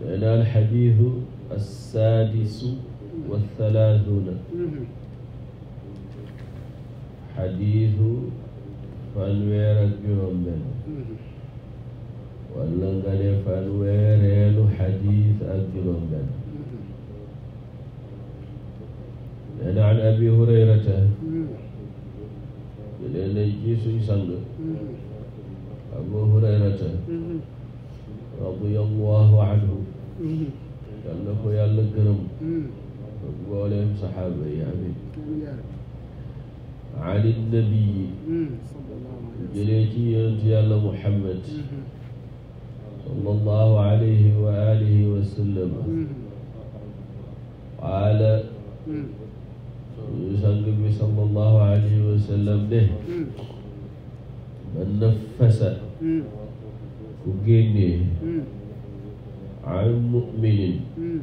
لأن الحديث السادس والثلاثون حديث fanweer ak juróom-benn wala nga ne fanweereelu xadiis ak juróom-benn leen an abi hurayrata leen nañ ci suñ sang abu hurayrata radiyallahu anhu mm-hmm. yal na ko yàlla gërëm mm. ak mbooleem saxaaba yi amin an nabii mm. jëlee ci yonent yàlla muhammad mm-hmm. sallallahu alayhi wa alihi wa sallam mm-hmm. qaala mm. suñu sang bi sallallahu alayhi wa sallam de man nafasa bu génnee hmm. an muminin hmm.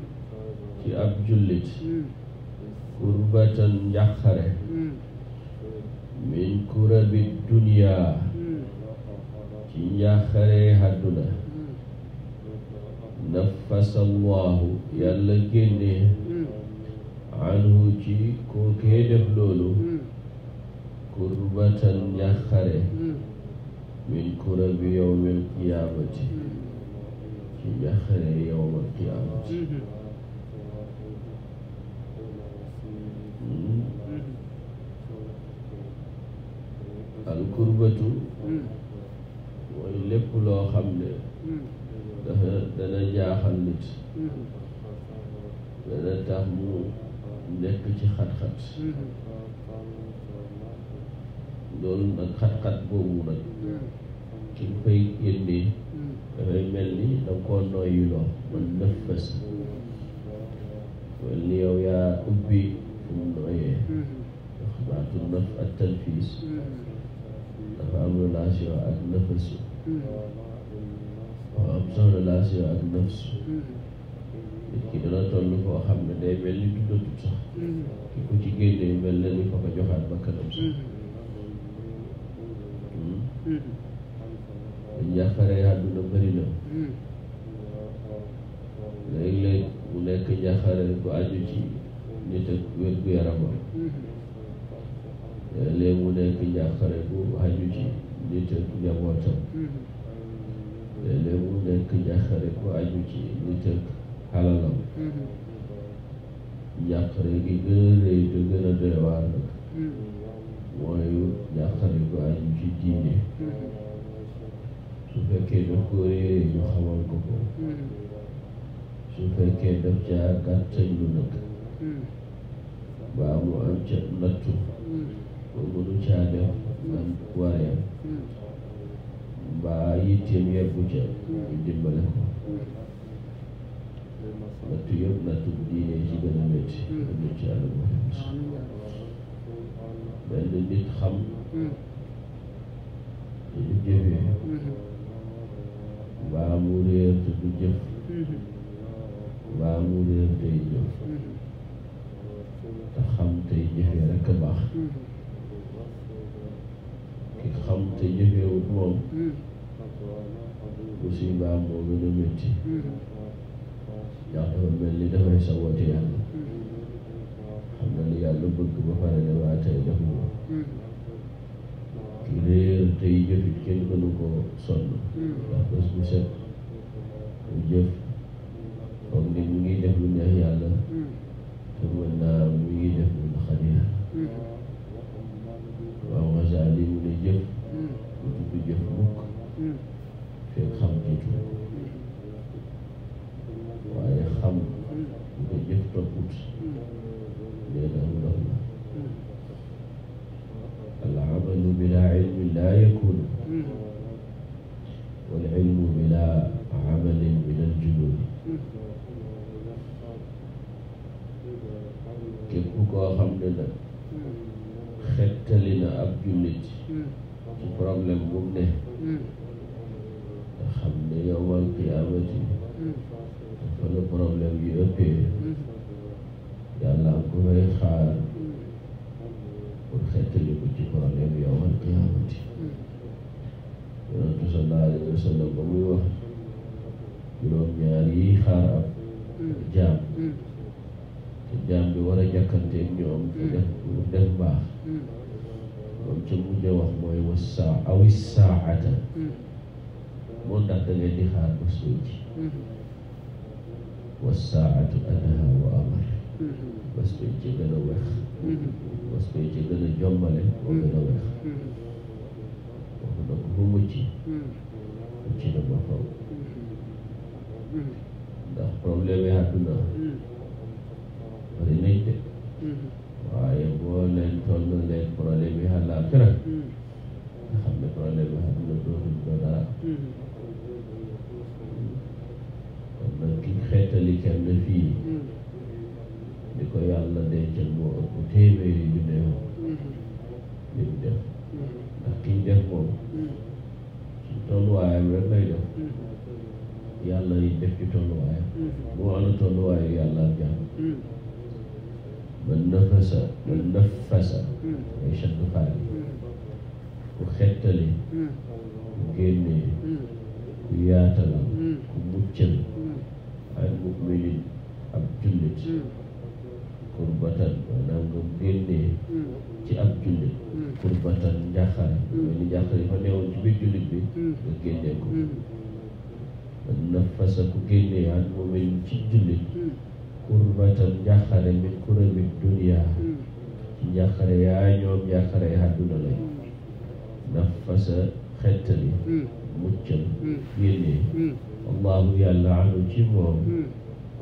ci ab jullit hmm. kurbatan njàqare min kurabi dunia ci njàqare àdduna nafasallahu yàlla génnee anhu ci kookee def loolu kurbatan njàqare bil bi yawmil qiyaamati ci jaxare yawmil qiyaamati mm-hmm. Mm-hmm. al kurbatu mm-hmm. mooy lépp loo xam ne dafa dana jaaxal nit dana tax mu nekk ci xat-xat loolu nag xat-xat boobu nag suñ koy génnee mm. dafay mel ni da koo nooyuloo wala nëfës wala ni yow yaa ubbi fu mu nooyee mm-hmm. xabaatu nëf ak tanfiis mm-hmm. dafa am relation ak nëfësu waaw mm-hmm. am sax relation ak nëfsu nit ki dana toll koo xam ne day mel ni tuddatut sax ki ko ci génnee mel na ni ko ko joxaat bakkanam sax hmm? njaaxare àdduna bëri na hmm. léeg-léeg mu nekk njaaxare bu aju ci nit ak wér gu yaramam hmm. léeg-léeg mu nekk njaaxare bu aju ci nit ak njabootam hmm. léeg-léeg mu nekk njaaxare bu aju ci nit ak xalalam njaaxare gi gën a rëy te gën a doy waar nag mooy njaaxare bu aju ci diine su fekkee daf ko réeree ñu xamal ko ko hmm. su fekkee daf caa gàttañ lu nag hmm. baa mu am ca nattu hmm. ba mënu caa def am wareem mbaa yitteem yeggu ca ñu ko nattu yëpp nattu bu diine ci gën a métti ñu ci àll bu benn nit xam te du jëfee mbaa mu réer te du jëf mm-hmm. mbaa mu réer tey mm-hmm. te xam tey jëfee rekk mm-hmm. ki xam te jëfeewut moom musiba moo gën a métti ndax dafa mel ni dafay sawooti yàlla xam na li yàlla bëgg ba pare ne waa tey def moom réer tey jëf it kenn gënu ko sonn ndax bés bu set mu jëf foog ni mu ngi def lu neex yàlla te mën naa mu ngi def lu naqari problème bu mu ne hmm. nga xam ne yowmal qiyaamati hmm. dafa la problème yu ëppee hmm. yàlla am ko fay xaar pour xettali ko ci problème yowmal qiyaamati yonentu sallallahu alayhi wa sallam ba muy wax juróom-ñaar yi xaar ab jaam te jaam bi war a jàkkante ñoom te def baax moom ca mujj wax mooy wasaa aw saata moo ndax da ngeen di xaar ba suuf ji wasaatu adaha wa amar bas koy ci gën a wex bas koy ci gën a jombale moo gën a wex waxu na ko bu mucc mucc na ba faw ndax problème yi àdduna bari nañ de waaye boo leen tollulee problème yi àllaaxira mm. nga xam ne problème yi àdduna dootul ko dara mm. kon nag ki xeetali kenn fii di mm. ko yàlla dencal moo ëpp téeméeri yu ne moom mm-hmm. li mu def mm-hmm. ndax kiñ def moom ci tolluwaayam rek lay def mm-hmm. yàlla yi def ci tolluwaayam bu wàllu tolluwaayu yàlla ak jàmm wal nafasa wal nafasa mooy chaddu faal ku xettali hmm. ku génnee hmm. ku yaatalal hmm. ku muccal al muminin ab jullit kurbatan maanaam nga génnee ci ab jullit kurbatan njàqare mooy ni njàqare fa neewoon ci biir jullit bi nga ko wal nafasa ku génnee al mumin ci jullit kurbatan njàqare min kurabi dunia ci njàqare yaa ñoom njàqare àdduna lañ nafasa xettali hmm. muccal hmm. génnee hmm. allahu yàlla anu ci moom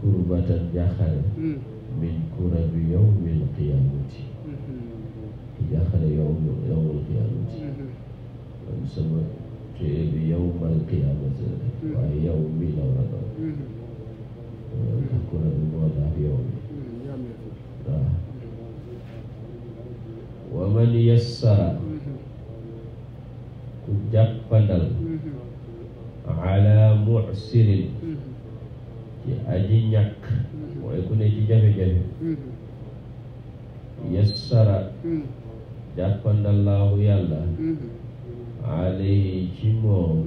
kurbatan njàqare min kurabi yawmil qiyamati ci njàqare yow yawmul qiyamati kon sama téere bi yawmal qiyamati waaye yow mi la war a doon waman yassara ku jàppandal ala mucsirin ci aji ñàkk mooy ku ne ci jafe-jafe yassara jàppandallaahu yàlla alayhi ci moom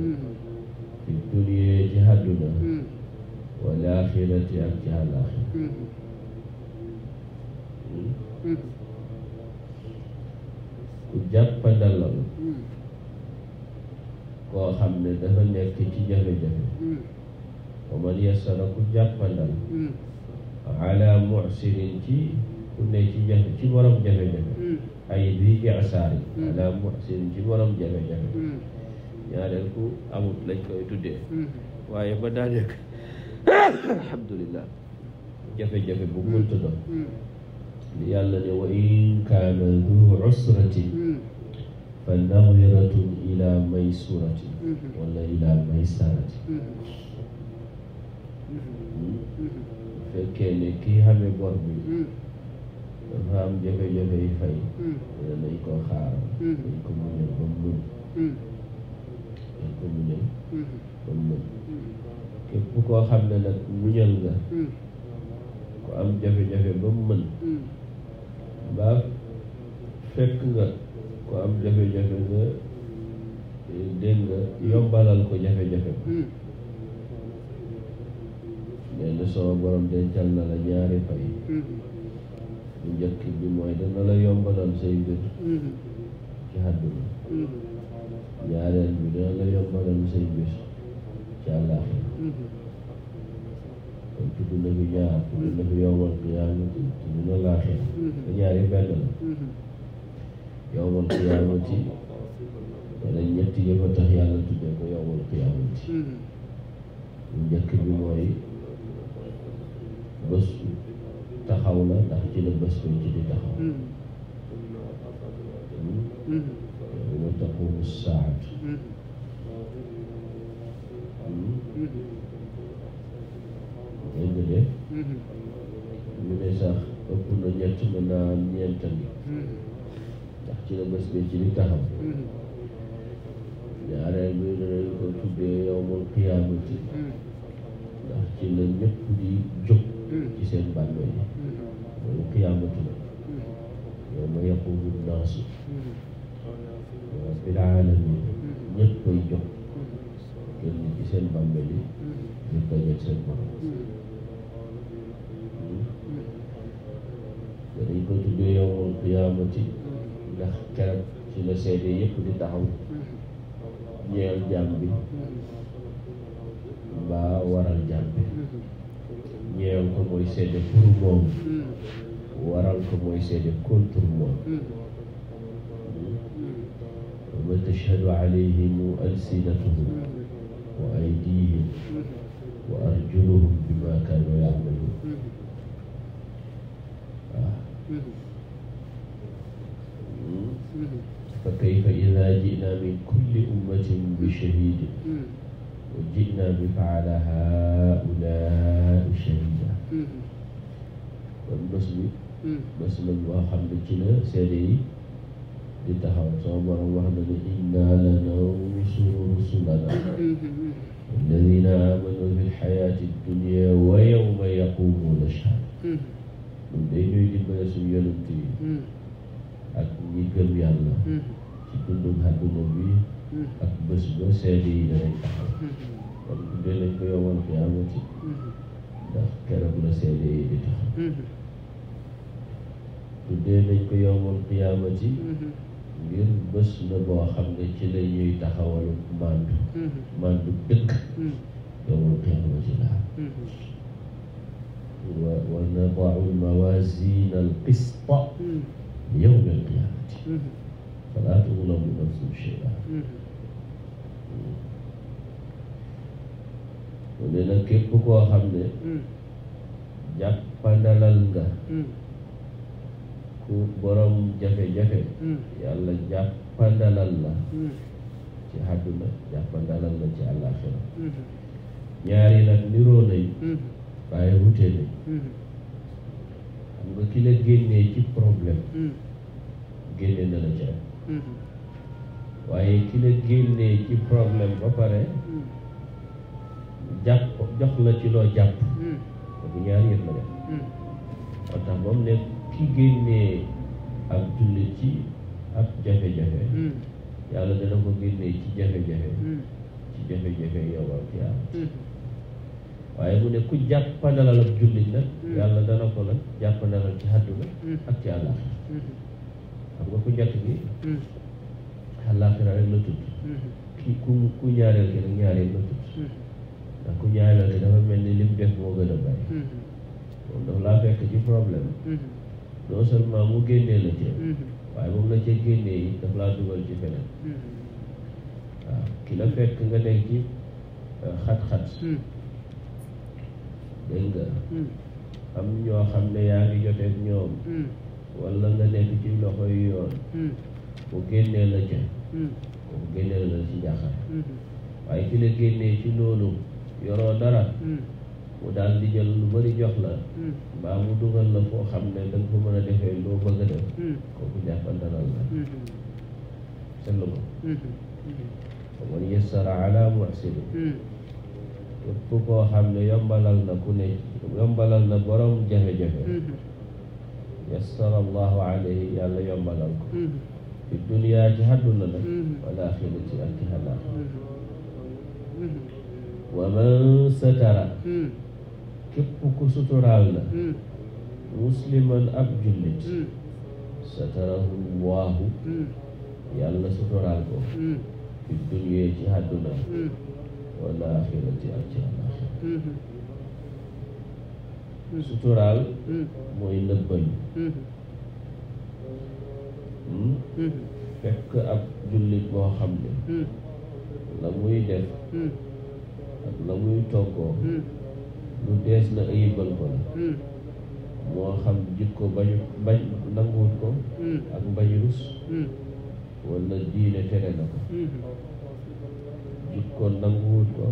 ci duniyee ci àdduna wal axirati ak ci àllaaxira ku jàppandalal koo xam ne dafa nekk ci jafe-jafe wa man yassara ku jàppandal ala mucsirin ci ku ne ci jafe ci borom jafe-jafe ay bii jasaar yi ala mucsirin ci borom jafe-jafe ñaareel ku amut lañ koy tuddee waaye ba daa nekk alhamdulillah jafe-jafe bu mënta doon li yàlla ne wa in kaana du usratin fa nawiratun ila wala ila maysaratin fekkee ne kii xame bor bi dafa am jafe-jafe yi fay danañ ko xaaral dañ ko muñal ba mu mën dañ ko muñal ba mu mën képp koo xam ne nag muñal nga hmm. ko am jafe-jafe ba mu mën mbaa hmm. fekk nga ku am jafe-jafe nga eh, dégg nga yombalal ko jafe-jafe ba hmm. nee na sama borom dencal na la ñaari fay bu njëkk bi mooy dana la yombalal say mbir ci àdduna ñaareel bi dana la yombalal say mbir ci àllaax kon mhm. tudd nañu ñaar tudd nañu yowmal qiyaamati tudd na laaxee te ñaar yi benn la yowmal qiyaamati wala ñett yëpp a tax yàlla tuddee ko yowmal qiyaamati bu njëkk bi mooy bés taxaw la ndax ci la bés ci di taxaw wa taqumu saatu ngay jëlee ñu ne sax ëpp na ñett mën naa ñeental ndax ci la bés bi ci li taxaw a bi danañ ko tuddee yowmul qiyaamati ndax ci la ñëpp di jóg ci seen bàmmeel yi loolu qiyaamatu la yawma yaqumu naasu rabbil aalamiin ñëpp koy jóg ci seen bàmmeel mm-hmm. yi ñu mm-hmm. ko tuddee yowmal qiyaamati mm-hmm. ndax keroog ci la seede yëpp di taxaw ñeel jàmm bi mbaa waral jàmm bi ñeel ko mooy seede pour moom waral ko mooy seede contre moom wa tashhadu alayhim وأيديهم وأرجلهم بما كانوا يعملون فكيف إذا جئنا من كل أمة بشهيد وجئنا بك على هؤلاء شهيدا kon bés bi bés la boo xam ne ci la seede yi di taxaw sama borom wax na ne innaa lananṣuru rusulanaa alladina amanu fi lxayaati dunia wa yowma yaqumuuna ashhad ñun day ñuy dimbale suñu yonent yi hmm. ak ñi gëm yàlla hmm. ci dundum àdduna bi hmm. ak bés ba seede yi danañ taxaw kon dundee nañ ko yowmal qiyaamati ndax keroog la seede yi di taxaw dundee nañ ko yowmal qiyaamati ngir bés la boo xam ne ci la ñuy taxawalu mandu mm-hmm. mandu dëkk yowmal qiyaamati la wa wa nadau lmawasina alqista mm-hmm. yowm alqiyaamati mm-hmm. falaa tuzlamu nafsun shay'an mu ne nag képp koo xam ne jàppandalal nga ku borom jafe-jafe hmm. yàlla jàppandalal la hmm. ci àdduna jàppandalal la ci àllaaxira hmm. ñaari nag niroo nañ waaye wute nañ xam nga ki la génnee ci problème génne na la ci am waaye ki génnee ci problème ba pare jàpp jox la ci loo jàpp kooku ñaari yëpp la def moo tax moom ne ci génnee ak jullit ci ak jafe-jafe hmm. yàlla dana ko génnee ci jafe-jafe hmm. ci jafe-jafe yowal qiyaama hmm. waaye mu ne ku jàppandalal ak jullit nag yàlla dana ko nag jàppandalal ci àdduna ak ci àllaaxira xam nga ku njëkk bi àllaaxira rek la tudd kii ku ku ñaareel gi nag ñaareel la tudd ndax ku ñaareel gi dafa mel ni lim def moo gën a bari moom dafa laa fekk ci problème non seulement mu génnee la ca mhm. waaye moom la ca génnee yi daf laa dugal ci feneen mhm. waaw ki la fekk nga nekk euh, ci xat-xat mhm. dégg nga am ñoo xam ne yaa ngi joteeg ñoom wala nga nekk ci loxo yu yoon mu génnee la ca mu génnee la ci njàqare waaye ki génnee ci loolu yoroo dara mu daal di jël lu bari jox la hmm. mbaa mu dugal la foo xam ne da nga ko mën a defee loo bëgg a def hmm. kooku jàppandaral la hmm. seetlu ko wa man yassara ala muhsinin képp koo xam ne yombalal na ku ne yombalal na borom jafe-jafe yassara allahu alayhi yàlla yombalal ko fi dunia ci àdduna la wal axirati ak ci xalaat wa man satara képp ku suturaal la mm. musliman ak jullit mm. satarahu waahu mm. yàlla suturaal ko fi dunyee ci àdduna wala axirati ak ci alaxira mm-hmm. suturaal mooy nëbbañ mm-hmm. Mm-hmm. fekk ab jullit boo xam ne la muy def ak la muy toggoo lu dees na ayibal ko la hmm. moo xam jikko bañu bañ nanguwut ko hmm. ak mbañ rus hmm. wala diine tere na ko jikko nanguwut ko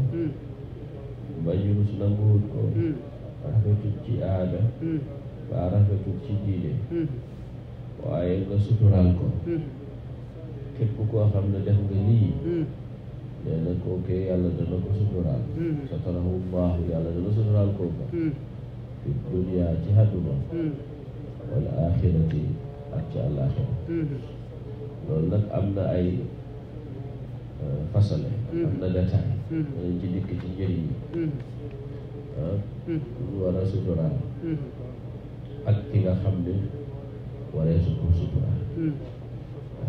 mbañ rus nanguwut ko rafetut ci aada ba rafetut ci diine waaye nga suturaal ko képp koo xam ne def nga lii nee kookee yàlla dana ko suturaal hmm. satarahu llaahu yàlla dana suturaal kooka hmm. fi dunia ci àdduna hmm. wal axirati ak ci àllaaxira loolu nag am na ay euh, fasale am na détail danañ ci dikk ci njëriñ ah ñu war suturaal ak ki nga xam ne waree su suturaal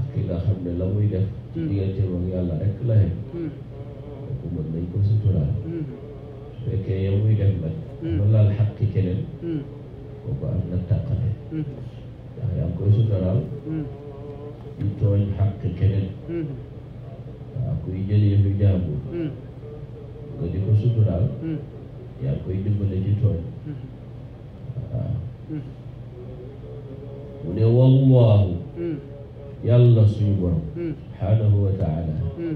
ki xam ne la muy def hmm. digganteem ak yàlla rek la xem hmm. kooku mën nañ ko suturaal hmm. fekkee yow muy def nag mën laal xaqi keneen kooku am na tàqale ndax yaa ngi koy suturaal di tooñ xaqi keneen waaw kuy jël yëfu jàmbur nga di ko suturaal yaa ngi koy dimbale ci tooñ waaw yàlla suñu borom hmm. subhaanahu wa taala hmm.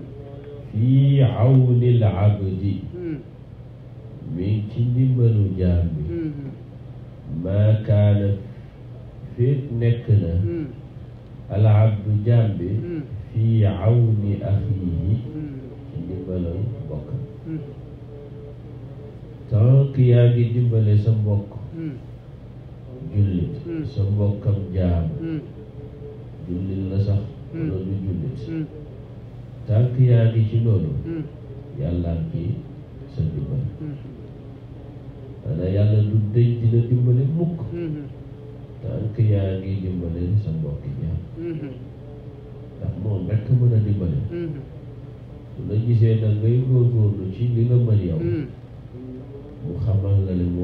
fii awnil abdi hmm. mi ci ndimbalu jaam bi maa kaana féet nekk na al abdu jaam bi fii awni axiihi ci ndimbalal mbokk tant yaa ngi dimbale sa mbokk jullit sa mbokkam jaam jullit la sax wala du jullit tànk yaa ngi ci loolu hmm. yàllaa ngi sa dimbal hmm. xanaa yàlla du dëj di la dimbale mukk hmm. tànk yaa ngi dimbale sa mbokki jaam ndax moom rekk mën a dimbale su la gisee nag ngay góorgóorlu ci li nga mën yow mu xamal la leen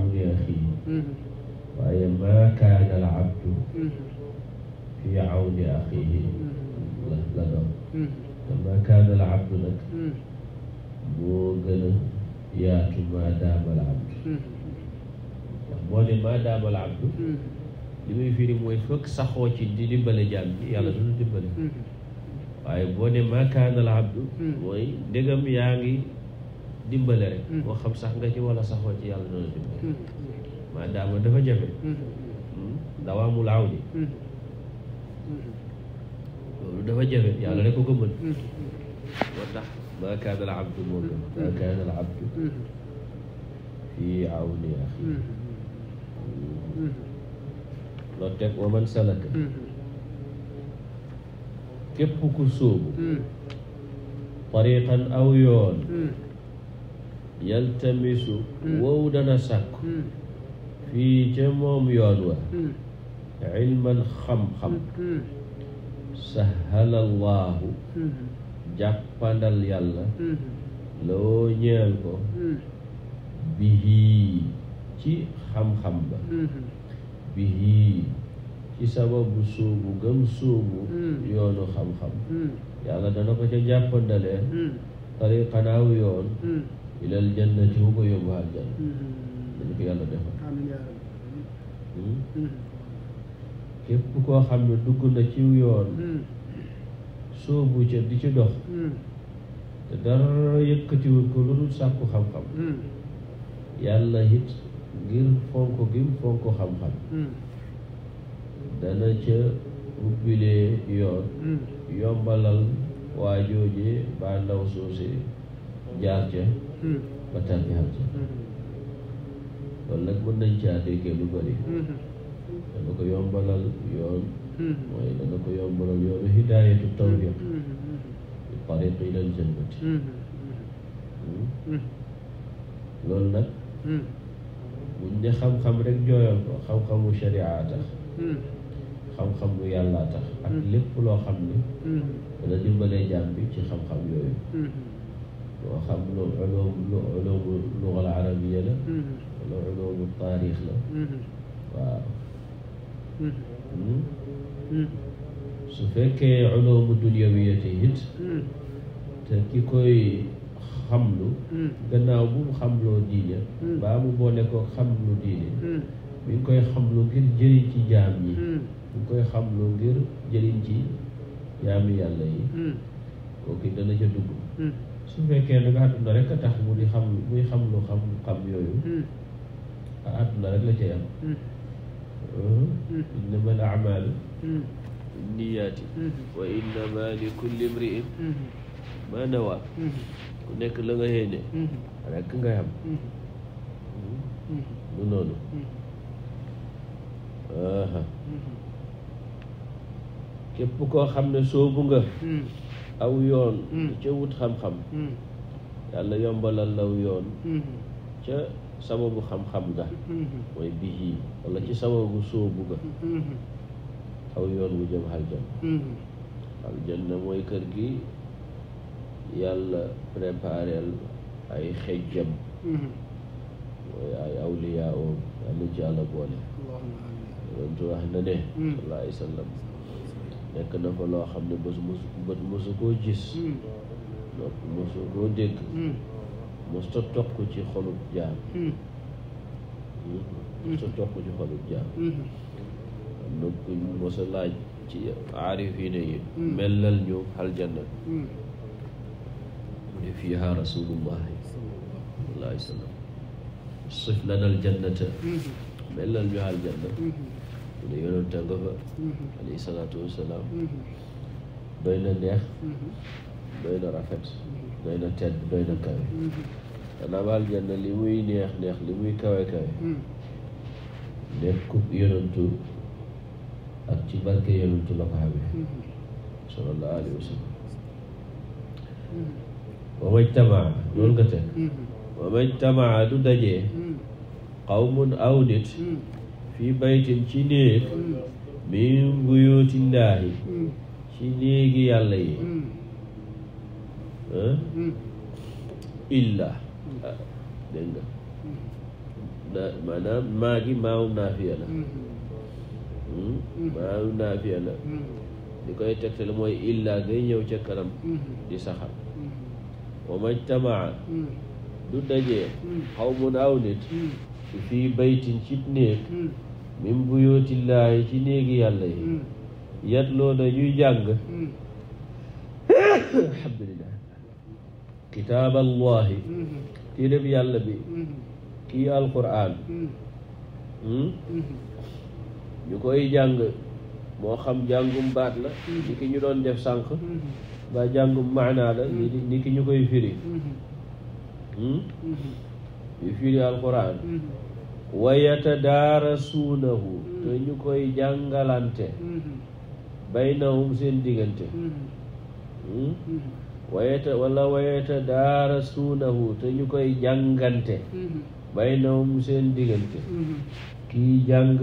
awni mm-hmm. waaye maa kaana al abdu mm-hmm. fi awni axiihi mm-hmm. la la doon te maa kaana al abdu nag moo gën a yaatu maa daama al abdu ndax boo ne maa daama al abdu li muy firi mooy fëkk saxoo ci di dimbale jaam bi yàlla du dimbale waaye boo ne maa kaana al abdu mooy ndegam yaa ngi dimbale rek moo mm-hmm. xam sax nga ci wala saxoo ci yàlla dana dimbale maadaama mm-hmm. dafa jafe mm-hmm. dawaamul aw ji loolu dafa jafe ko ko mën moo tax al abdu moo gën maa al abdu fii awni axi loolu wa man salaka képp ku sóobu tariqan yaltamisu hmm. wow dana sàkku hmm. fii ca moom yoon wa hmm. ilman xam-xam sahalallaahu jàppandal yàlla loo ñeel ko bihii ci xam-xam ba bihii ci sababu suubu gëm suubu yoonu xam-xam yàlla dana ko ca jàppandalee tariqanaaw yoon ilal jannati wu ko yóbbu aljanna hmm. dañu ko yàlla defal hmm? Hmm. képp koo xam ne dugg na ci yoon sóobu ca di ci dox te dara yëkkatiwul ko lu dul sàkku xam-xam yàlla it ngir fonk gi fonk xam-xam dana ca ubbilee yoon yombalal waa jooje baa soosee jaar ca ba tàggaat ca kon nag mën nañ caa déggee lu bëri hmm. dana ko yombalal yoon hmm. mooy dana ko yombalal yoonu hidaayatu tawfiq hmm. bi tariqi ilal jannati loolu nag buñ ne xam-xam rek jooyoon ko xam-xamu sharia tax xam-xam bu yàllaa tax ak lépp loo xam ni dana dimbalee jàmm ci xam-xam yooyu loo xam lu uloomu uloomu lugal arabiya la wala mm-hmm. uloomu taarix la mm-hmm. waaw mm-hmm. Hmm? su fekkee uloomu dunyawiyati it te ki koy xamlu gannaaw bu mu xamloo diine baa mu boole ko xamlu diine mi ngi koy xamlu ngir jëriñ ci jaam yi mi ngi koy xamlu ngir jëriñ ci jaami yàlla yi kooku dana ca dugg su fekkee lu nga rek a mu di xam muy xam lu xam xam yooyu mm. a rek la cay am mm. mm. innama al amalu niyaati wa innama li kulli imriin ma nawa ku nekk la nga xéene rek nga am lu noonu képp koo xam ne soobu nga aw yoon mm. ca wut xam-xam mm. yàlla yombalal law yoon mm-hmm. ca sababu xam-xam ga mm-hmm. mooy bihi wala ci sababu sóobu ga mm-hmm. aw yoon wu jëm aljanna aljanna mooy kër gi yàlla préparel ay xejjam mooy ay awliyaa oom yàlla ci boole doon tu wax na ne mm. sallallahu alayhi wa nekk na fa loo xam ne bës mosu bët mosu koo gis hmm. donc mosu koo dégg hmm. mosu ta toq ci xolub jaam hmm. mosu ta toq ci xolub jaam am na ku mos a laaj ci aarifine yi mellal ñu xal janna mu ne fiiha rasulullahi sallallahu alayhi wa sallam sif lana aljannata mellal ñu xal janna mu ne alayhi salaatu wasalaam doy na neex doy rafet doy na tedd doy kawe xanaa baal janna li muy neex neex li muy kawe kawe nekkub yonentu ak ci barke yonentu la ko xamee sallallahu alayhi mm-hmm. wa sallam mm-hmm. wa majtamaa loolu nga teg wa majtamaa du dajee qawmun aw nit mm. fii baytin ci néeg min mm. buyutillaahi mm. ci néegi yàlla yi mm. illa ah, dégg nga na maanaam maa gi maawum naafiya la hmm? maawum naafiya la li koy tegtal mooy illa gay ñëw ca kanam di saxal wa majtamaa du dajee xaw mun aw nit fii baytin ci néeg min buyootillaahi ci néegi yàlla yi hmm. yatloo na jàng hmm. alhamdulillah kitaaballahi téeréb hmm. yàlla bi kii alquran ñu koy jàng moo xam jàngum baat la ni ñu doon def sànq ba jàngum maanaa la ni ñu koy firi ñu firi alquran wa yatadaarasuunahu te ñu koy jàngalante baynahum seen diggante hmm? wayata wala wayata daara suunahu te ñu koy jàngante baynahum seen diggante kii jàng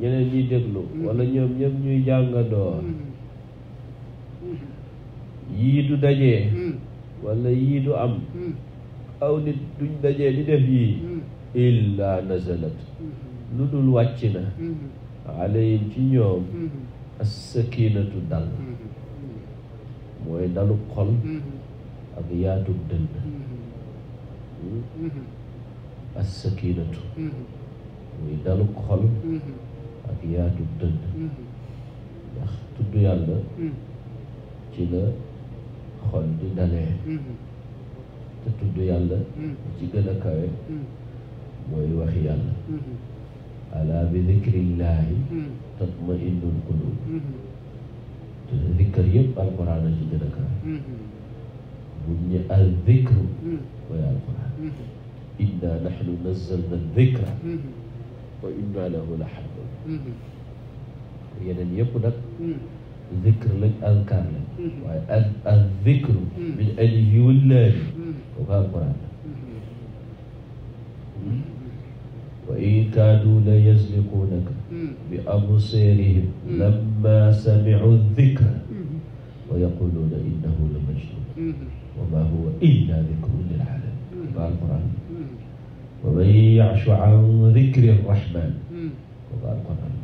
ñeneen ñi déglu walla ñoom ñëpp ñuy jàngandoo yii du dajee hmm. wala yii du am hmm. aw nit duñ dajee di def yii mm-hmm. illa nazalat mm-hmm. lu dul wàcc na mm-hmm. alayhim ci ñoom assakinatu dal mooy dalu xol ak yaatub dënn assakinatu muy dalu xol ak yaatub dënn ndax tudd yàlla ci la xol di dalee te tudd yàlla mm. ci gën a kawe mm. mooy waxi yàlla mm-hmm. ala bi dikrillaahi mm. tatma innul qulub mm-hmm. te dikkar yëpp alquran a ci gën a kawe mm-hmm. buñ ne al dikru mooy alquran inna nahnu nazzalna dikra wa inna lahu la xafidun yeneen yëpp nag dikr lañ alkaar lañ waaye al al dikru min alif wallaahi ko alquran wa in kaadu la yasliquunaka bi absarihim lamma samicu dikra wa yaquluuna innahu la majnun wa ma huwa illa dikrun lil alamin ko alquran wa man yacshu can dikri rahman ko alquran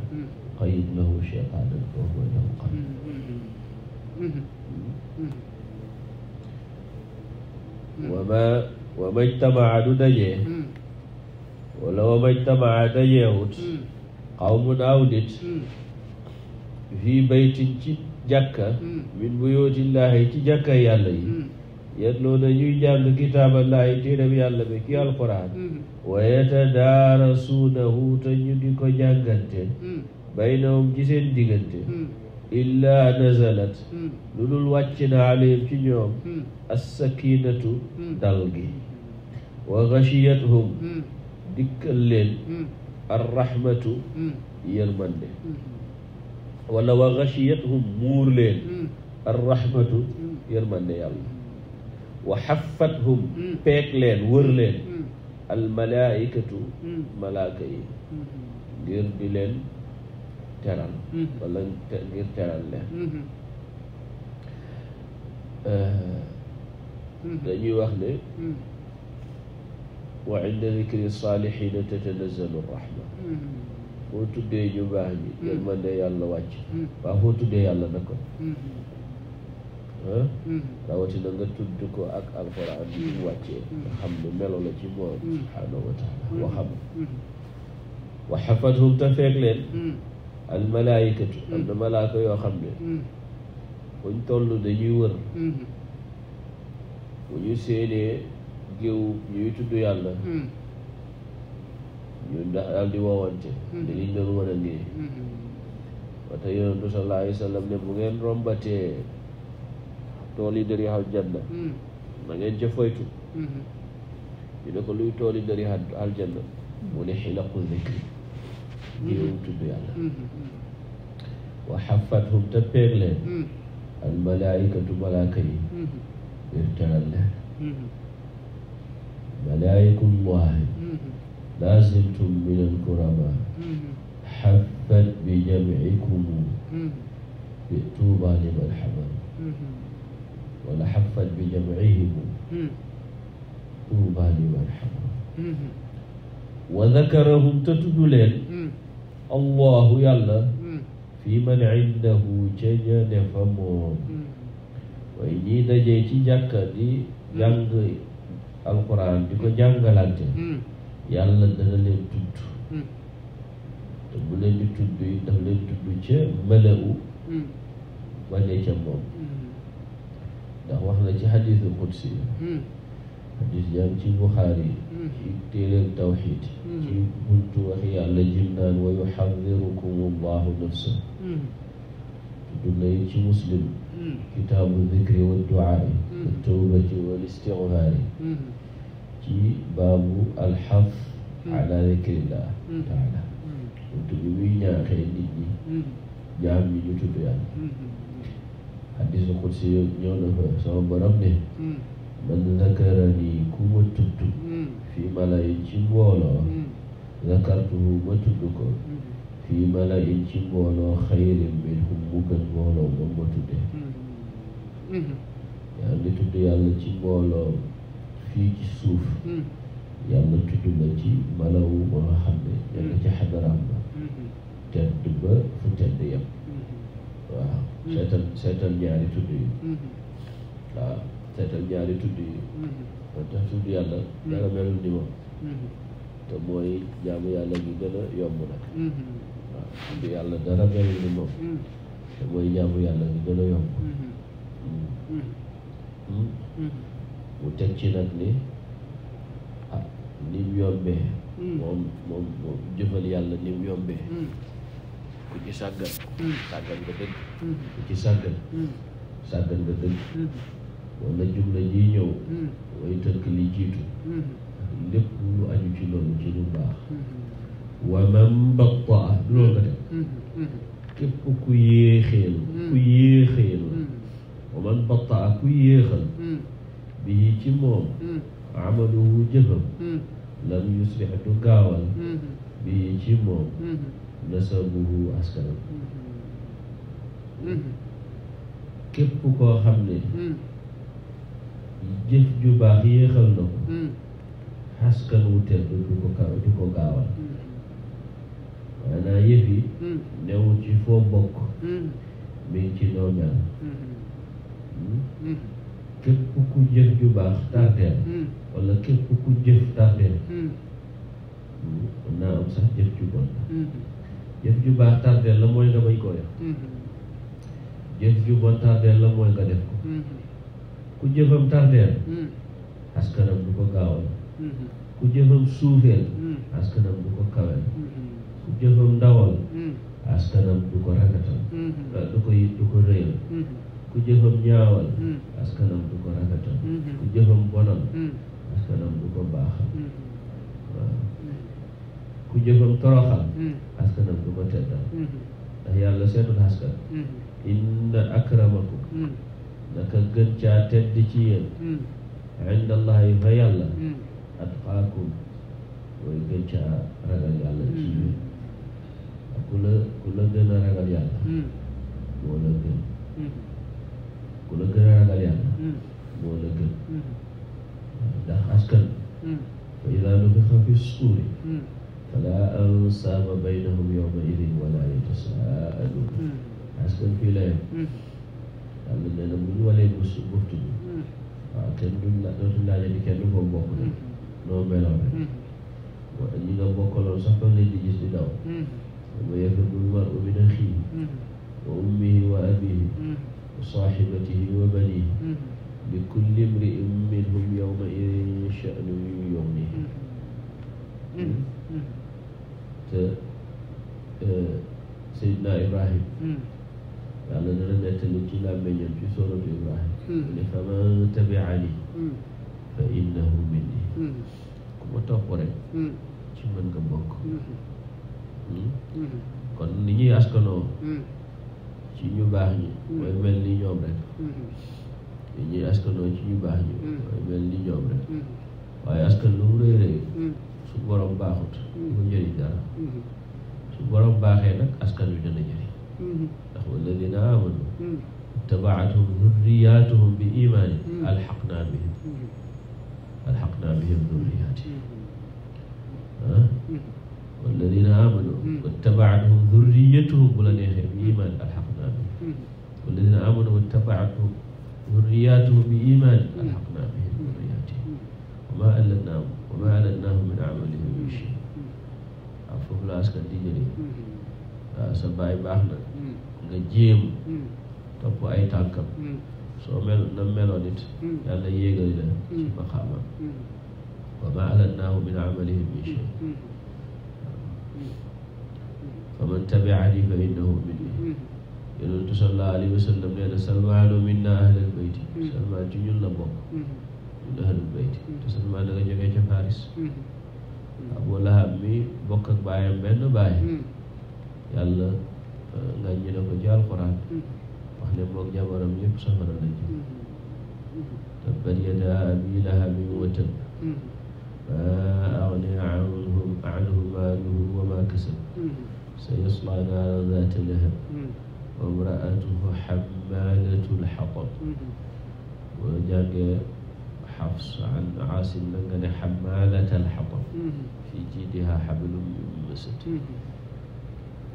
qayid lahu shaytaanan fa huwa lahu qarin wa ma wa ma jtamaa du dajee wala wa ma jtamaa dajeewut qawmun nit fii baytin ci jàkka min buyootillaahi ci jàkka yàlla yi yatluuna ñuy jàng kitaaballaahi téeréb yàlla bi ki alquran wa yatadaarasuunahu te ñu di ko jàngante baynahum ci seen diggante illaa nazalat hmm. lu dul wàcc na alayhim ci ñoom hmm. assakinatu hmm. dal gi wa ghachiyathum dikkal leen arrahmatu yërmande wala wa ghachiyathum muur leen arrahmatu yërmande yàlla wa xaffathum peeg leen wër leen almalaaikatu malaaka yi ngir di leen teral mm-hmm. wala ngir teral leen mm-hmm. eh, mm-hmm. dañuy wax ne wa inda dikri saalihiina tatanazzalu rahma foo tuddee ju baax ñi yëg man ne yàlla wàcc waaw foo tuddee yàlla na ko eh? rawatina nga tudd ko ak alxuraan bi mu wàccee nga xam ne melo la ci moom wa taala waxam wa xafathum te feeg leen ak malaayikatu mm. am na malaaka yoo xam ne buñ mm. toll dañuy wër mm. bu ñu séenee géew ñuy tudd yàlla ñu daal di woowante di liñ doon war a nii ba tey yonentu sallallahu alayhi wa sallam ngeen rombatee tool yi dari aljanna na mm-hmm. ne ko luy tool yi dari aljanna ngirum mm-hmm. tudd yàlla mm-hmm. wa xafathum te peeg leen mm-hmm. al malaayikatu malaaka yi ngir teral leen malaayikullahi laazimtum min al kurama xafat bi jamcikum bi tuuba liman xamam wala xafat bi jamcihim tuuba liman xamam wa dakarahum te tudd leen allahu yàlla hmm. fii man indahu ca ne fa moom hmm. waaye ñii dajee ci jàkka di hmm. jàng alquran di ko jàngalante yàlla dana leen tudd te bu leen di tudd yi daf leen tudd ca mala'u ba ne ca moom ndax wax na ci xadiisu qudsi xadiis jaam ci buxaari ci téeréen tawxiid ci waxi yàlla jim naan wa yuxadirukum allahu nafsa tudd na it ci muslim kitaabu dikri wa duaai wa tawbati wal istixfaari ci baabu alxaf ala dikrillah taala buntu bi muy ñaaxee nit ñi jaam ñi ñu tudd yàlla xadisu xudsi ñëw na fa sama borom ne man zakarani ku ma tudd fi malayi ci mbooloo zakartuhu ma tudd ko fii mala in ci mbooloo xayrin minhum mu gën mbooloo moom ma tuddee yaa ngi tudd yàlla ci mbooloo fii ci suuf yàlla tudd na ci malawu ba nga xam ne yàlla ci xadaraam ba tedd ba fu tedd yem waaw seetal seetal ñaari tudd yi waaw seetal ñaari tudd yi mm-hmm. moo tax tudd yàlla dara melul ni moom mm-hmm. te mooy jaamu yàlla gi gën a yomb nag mm-hmm. waaw du yàlla dara melul ni moom mm-hmm. mm-hmm. ci nag ni ah yàlla ni mu yombee ku lépp lu aju ci loolu ci lu baax mm-hmm. wa man bataa loolu nga teg mm-hmm. mm-hmm. képp ku yéexeel ku yéexeel wa man bataa ku yéexal bii ci moom amaluhu jëfam lam yusbix du gaawal bii ci moom nasabuhu askanam képp koo xam ne jëf ju baax yéexal na ko askan wu tedd du ko kaw du ko gaawal maanaam yëf yi hmm. newul ci foo bokk hmm. mi ngi ci noo mel hmm. képp ku jëf ju baax tardeel wala képp ku jëf tardeel mën naa am sax jëf ju bon jëf ju baax tardeel la koo def jëf ju bon tardeel la mooy nga def ko ku jëfam tardeel Mm-hmm. ku jëfam suufeel mm. askanam du ko kawel mm-hmm. ku jëfam ndawal mm. askanam du ko ragatal mm-hmm. du ko yit du ko rëyal ku jëfam ñaawal mm. askanam du ko ragatal ku jëfam bonal askanam du ko baaxal ku jëfam toroxal askanam du ko teddal yàlla seetul askan inna akramakum naka gën caa tedd ci yéen indallahi fa yàlla atqaakum mooy gën ca ragal yàlla ci yéen ku la gën a ragal moo la gën ku gën a ragal moo la gën ndax askan fa idaa nufixa fi suuri falaa ansaaba baynahum yawma idin wala yatasaaluun askan fii la yem yàlla nee na bu ñu walee bu su buftu bi waaw kenn duñ la dootuñ laajati kenn foofu bokk na noo meloon rek ñi nga bokkaloon sax ba leen di gis di daw ma yafirul mar'u min axiihi wa ummihi wa abiihi hmm. wa saahibatihi wa baniihi hmm. li kulli imri'in minhum yawma idin sha'nun yughniihi hmm. te eh, Seydina Ibrahim yàlla dana nettali ci làmmeñam ci sooratu Ibrahim mu ne faman tabi'anii fa innahu minnii Hmm. ku ma topp rek hmm. ci mën nga bokk hmm. kon ni ñuy askanoo ci ñu baax ñi mooy mel ni ñoom rek ni ñuy askanoo ci ñu baax ñi mooy mel ni ñoom rek waaye askan lu mu rëy rëy su borom baaxut du ko jëriñ dara su borom baaxee nag askan wi dana jëriñ ndax walladina amanu tabaatuhum dhurriyatuhum bi imaanin alxaqnaa bihim أقلامهم ذريتي والذين آمنوا واتبعتهم ذريتهم بلا نيخي بإيمان ألحقنا بهم والذين آمنوا واتبعتهم ذرياتهم بإيمان ألحقنا بهم ذرياتهم وما ألتناهم وما ألتناهم من عملهم من شيء foofu la askan di jëlee waaw sa baay baax na nga jéem topp ay tànkam soo mel na meloon it hmm. yàlla yéegal la hmm. ci maqaama hmm. wa ma alannaahu min amalihim min shay fa man tabiani fa innahu salmaanu minna ahlal bayti salmaan ci ñun bokk ñun ahlul bayti te salmaan da ca Paris Abu Lahab mi bokk ak baayam benn baay yàlla eh, nga ñu ne ko ak jabaram ñëpp safara la jëm tabbat yadaa abii lahabin wa tabb maa aghnaa anhu maaluhu wa maa kasab hmm. sayaslaa naaran zaata lahab hmm. wa imra'atuhu hammaalatal hatab boo hmm. jàngee Hafs an Aasim na nga ne hammaalatal hatab fii jiidihaa hablum min masad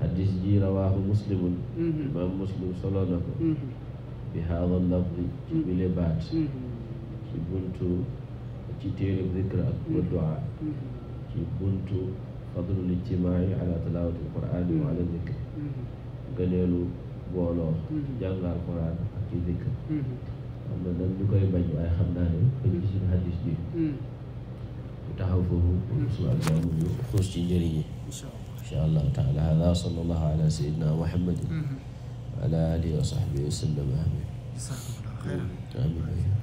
xadis ji rawaahu muslimun mm-hmm. imaam muslim solo na ko mm-hmm. bi haada lafdi ci mm-hmm. bile baat ci buntu ci téereb zikr ak wa duaa ci buntu fadlul ijtimaai ala tilaawati alquraan wa ala zikr booloo jàng alquraan ak ci zikr xam na nag ñu koy bañ waaye xam naa ne dañ gisul xadis bi bu taxaw foofu su aljaamu ñu xuus ci njëriñ yi insha allahu taala hada sala allahu ala sayidina muhammadin wa mm-hmm. ala alihi wa sahbihi wa sallam amin amin